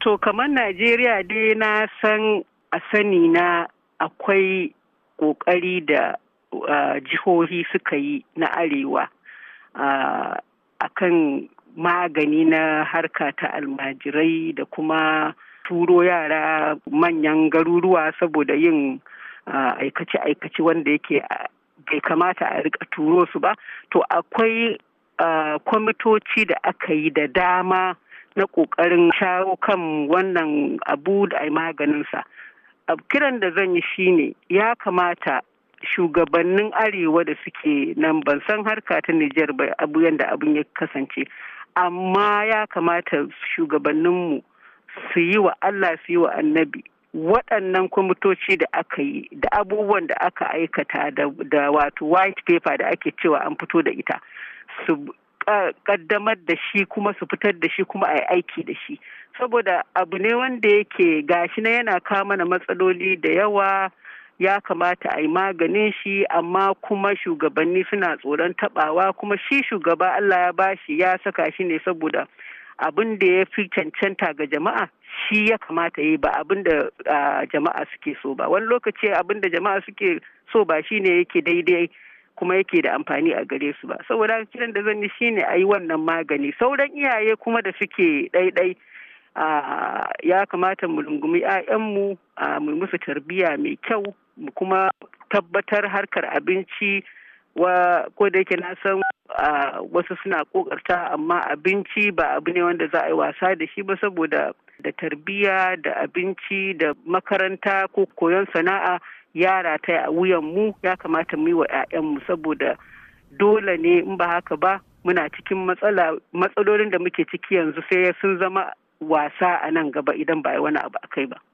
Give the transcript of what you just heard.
To kamar Najeriya dai na san a sani na akwai ƙoƙari da jihohi suka yi na arewa a kan magani na harka ta almajirai da kuma turo yara manyan garuruwa saboda yin aikace-aikace wanda yake bai kamata a rika turo su ba to akwai kwamitoci da aka yi da dama na ƙoƙarin shawo kan wannan abu da ai maganinsa. kiran da zan yi shine ya kamata shugabannin arewa da suke nan ban san harka ta Nijar ba abu yadda abin ya kasance amma ya kamata shugabanninmu su yi wa Allah su yi wa annabi waɗannan kwamitoci da aka yi da abubuwan da aka aikata da wato white paper da ake cewa an fito da ita su kaddamar da shi kuma su fitar da shi kuma a yi aiki da shi saboda abu ne wanda yake gashi na yana kama na matsaloli da yawa ya kamata a yi maganin shi amma kuma shugabanni suna tsoron tabawa kuma shi shugaba Allah ya bashi ya saka shi ne saboda abin da ya fi cancanta ga jama'a shi ya kamata yi ba abin da jama'a suke so ba wani lokaci abin da jama'a suke so ba shi ne yake daidai kuma yake da amfani a gare su ba saboda kiran da zan yi shine a yi wannan magani sauran iyaye kuma da suke ɗaiɗai ya kamata mu rungumi 'ya'yanmu mu musu tarbiyya mai kyau mu kuma tabbatar harkar abinci wa ko da yake na san wasu suna kokarta amma abinci ba abu ne wanda za a yi wasa da shi ba saboda da tarbiya da abinci da makaranta ko koyon sana'a yara ta a wuyan mu ya kamata mu yi wa mu saboda dole ne in ba haka ba muna cikin matsalolin da muke ciki yanzu sai sun zama wasa a nan gaba idan ba yi wani abu a kai ba.